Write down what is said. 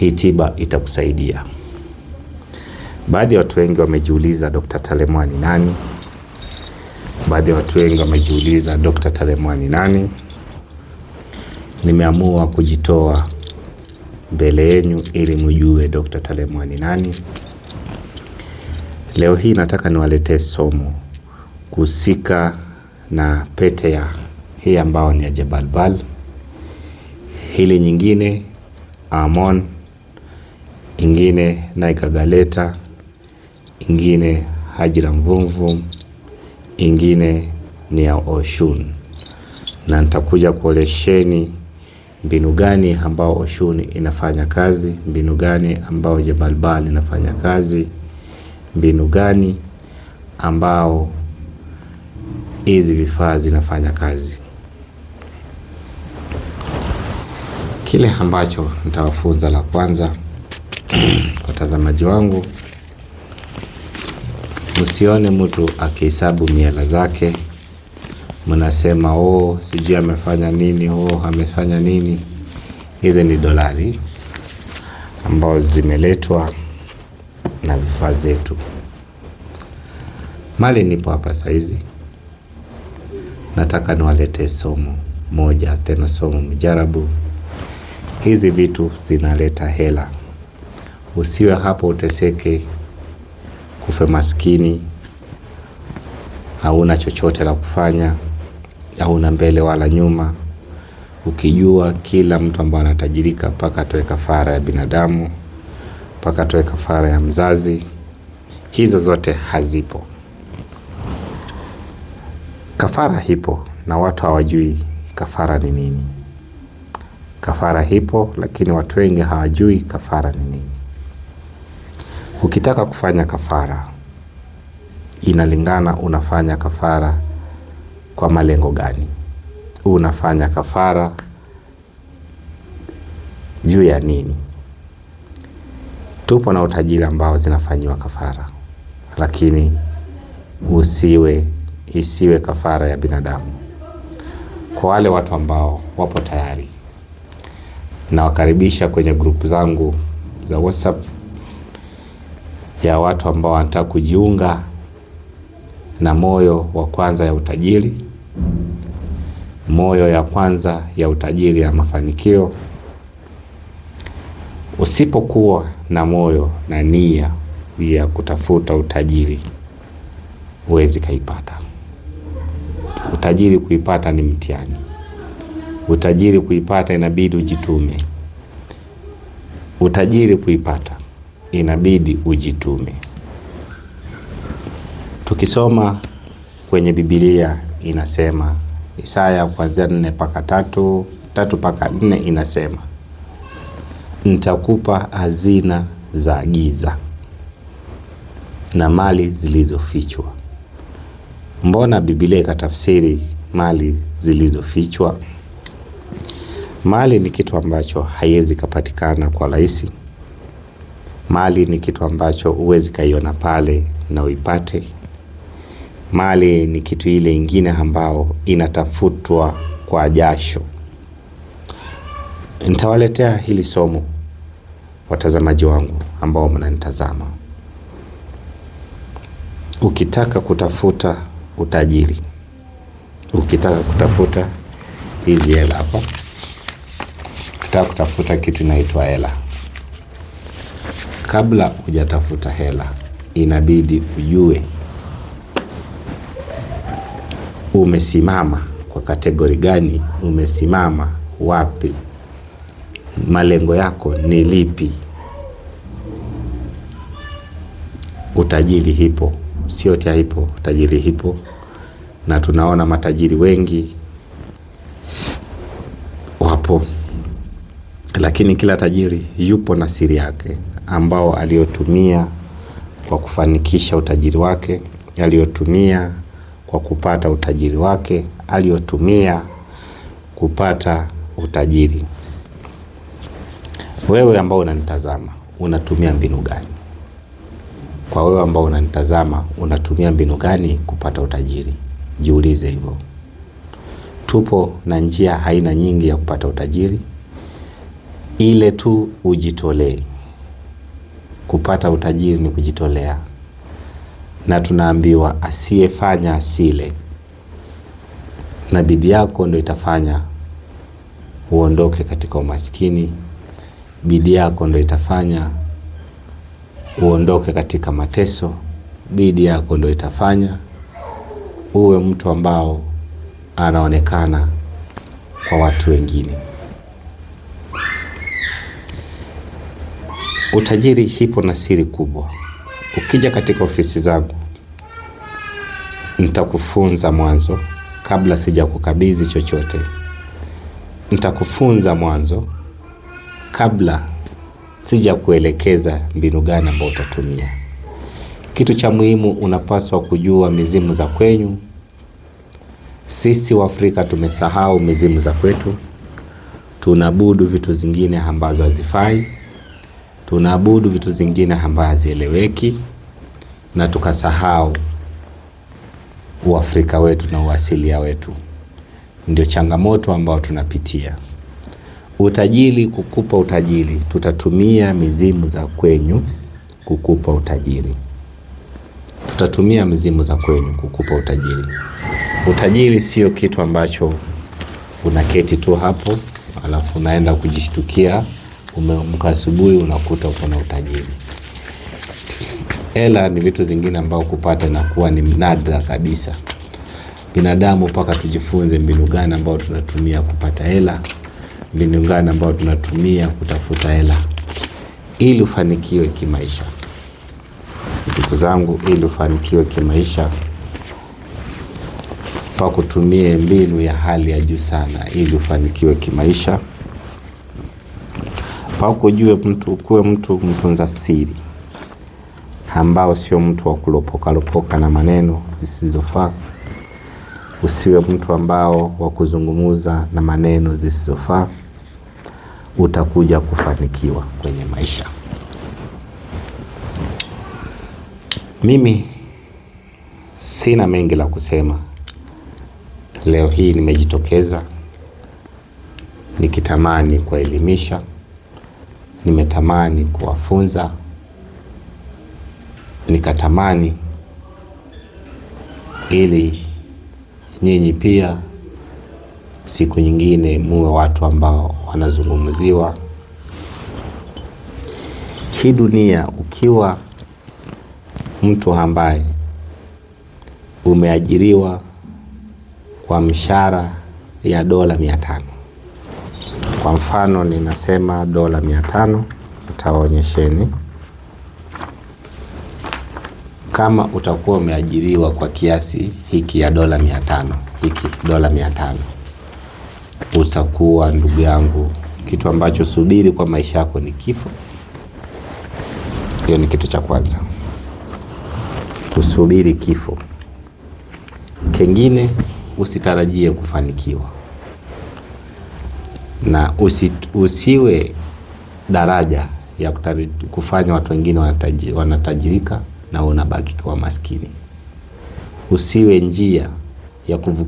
hii tiba itakusaidia. Baadhi ya watu wengi wamejiuliza Dr. Talemwa ni nani? Baadhi ya watu wengi wamejiuliza Dr. Talemwa ni nani? Nimeamua kujitoa mbele yenu ili mjue Dr. Talemwa ni nani. Leo hii nataka niwaletee somo kuhusika na pete ya hii ambayo ni ya Jebalbal, hili nyingine Amon ingine Naika Galeta, ingine Hajira Mvumvu, ingine ni ya Oshun, na nitakuja kuolesheni mbinu gani ambao Oshun inafanya kazi, mbinu gani ambao jebalbal inafanya kazi, mbinu gani ambao hizi vifaa zinafanya kazi. Kile ambacho nitawafunza la kwanza watazamaji wangu, msione mtu akihesabu miela zake, mnasema oh, sijui amefanya nini, oh, amefanya nini. Hizi ni dolari ambazo zimeletwa na vifaa zetu. Mali nipo hapa saizi, nataka niwaletee somo moja, tena somo mjarabu. Hizi vitu zinaleta hela. Usiwe hapo uteseke, kufe maskini, hauna chochote la kufanya, hauna mbele wala nyuma, ukijua kila mtu ambaye anatajirika mpaka atoe kafara ya binadamu, mpaka atoe kafara ya mzazi. Hizo zote hazipo. Kafara hipo na watu hawajui kafara ni nini. Kafara hipo lakini watu wengi hawajui kafara ni nini. Ukitaka kufanya kafara, inalingana unafanya kafara kwa malengo gani? Unafanya kafara juu ya nini? Tupo na utajiri ambao zinafanyiwa kafara, lakini usiwe isiwe kafara ya binadamu. Kwa wale watu ambao wapo tayari, nawakaribisha kwenye grupu zangu za WhatsApp ya watu ambao wanataka kujiunga na moyo wa kwanza ya utajiri, moyo ya kwanza ya utajiri ya mafanikio. Usipokuwa na moyo na nia ya kutafuta utajiri, huwezi kaipata. Utajiri kuipata ni mtihani. Utajiri kuipata inabidi ujitume. Utajiri kuipata inabidi ujitume. Tukisoma kwenye Biblia inasema Isaya kuanzia nne mpaka tatu tatu mpaka nne inasema nitakupa hazina za giza na mali zilizofichwa. Mbona Biblia ikatafsiri mali zilizofichwa? Mali ni kitu ambacho haiwezi kupatikana kwa rahisi, Mali ni kitu ambacho huwezi kaiona pale na uipate. Mali ni kitu ile ingine ambao inatafutwa kwa jasho. Nitawaletea hili somo watazamaji wangu ambao mnanitazama. Ukitaka kutafuta utajiri, ukitaka kutafuta hizi hela hapa, ukitaka kutafuta kitu inaitwa hela kabla hujatafuta hela, inabidi ujue umesimama kwa kategori gani, umesimama wapi, malengo yako ni lipi. Utajiri hipo, sio tia hipo, utajiri hipo, na tunaona matajiri wengi wapo lakini kila tajiri yupo na siri yake ambao aliyotumia kwa kufanikisha utajiri wake, aliyotumia kwa kupata utajiri wake, aliyotumia kupata utajiri. Wewe ambao unanitazama unatumia mbinu gani? Kwa wewe ambao unanitazama unatumia mbinu gani kupata utajiri? Jiulize hivyo. Tupo na njia aina nyingi ya kupata utajiri ile tu ujitolee. Kupata utajiri ni kujitolea, na tunaambiwa asiyefanya asile, na bidii yako ndio itafanya uondoke katika umaskini. Bidii yako ndio itafanya uondoke katika mateso. Bidii yako ndio itafanya uwe mtu ambao anaonekana kwa watu wengine. Utajiri hipo na siri kubwa. Ukija katika ofisi zangu nitakufunza mwanzo, kabla sijakukabidhi chochote. Nitakufunza mwanzo, kabla sijakuelekeza mbinu gani ambayo utatumia. Kitu cha muhimu unapaswa kujua mizimu za kwenyu. Sisi Waafrika tumesahau mizimu za kwetu, tunabudu vitu zingine ambazo hazifai tunaabudu vitu zingine ambazo hazieleweki na tukasahau uafrika wetu na uasilia wetu. Ndio changamoto ambayo tunapitia. Utajiri kukupa utajiri, tutatumia mizimu za kwenyu kukupa utajiri, tutatumia mizimu za kwenyu kukupa utajiri. Utajiri sio kitu ambacho unaketi tu hapo alafu unaenda kujishtukia umeamka asubuhi unakuta uko na utajiri. Hela ni vitu zingine ambao kupata kuwa ni nadra kabisa. Binadamu mpaka tujifunze mbinu gani ambao tunatumia kupata hela, mbinu gani ambao tunatumia kutafuta hela ili ufanikiwe kimaisha. Ndugu zangu, ili ufanikiwe kimaisha mpaka utumie mbinu ya hali ya juu sana ili ufanikiwe kimaisha wako ujue mtu kuwe mtu mtunza siri ambao sio mtu wa lopoka na maneno zisizofaa. Usiwe mtu ambao wa kuzungumuza na maneno zisizofaa, utakuja kufanikiwa kwenye maisha. Mimi sina mengi la kusema leo hii, nimejitokeza nikitamani kuwaelimisha nimetamani kuwafunza, nikatamani ili nyinyi pia siku nyingine muwe watu ambao wanazungumziwa. Hii dunia, ukiwa mtu ambaye umeajiriwa kwa mshahara ya dola mia tano kwa mfano ninasema dola mia tano, nitawaonyesheni kama utakuwa umeajiriwa kwa kiasi hiki ya dola mia tano, hiki dola mia tano utakuwa ndugu yangu, kitu ambacho subiri kwa maisha yako ni kifo. Hiyo ni kitu cha kwanza, kusubiri kifo. Kengine usitarajie kufanikiwa na usiwe daraja ya kutari, kufanya watu wengine wanatajirika, wanatajirika na unabaki kuwa maskini. Usiwe njia ya kuvuka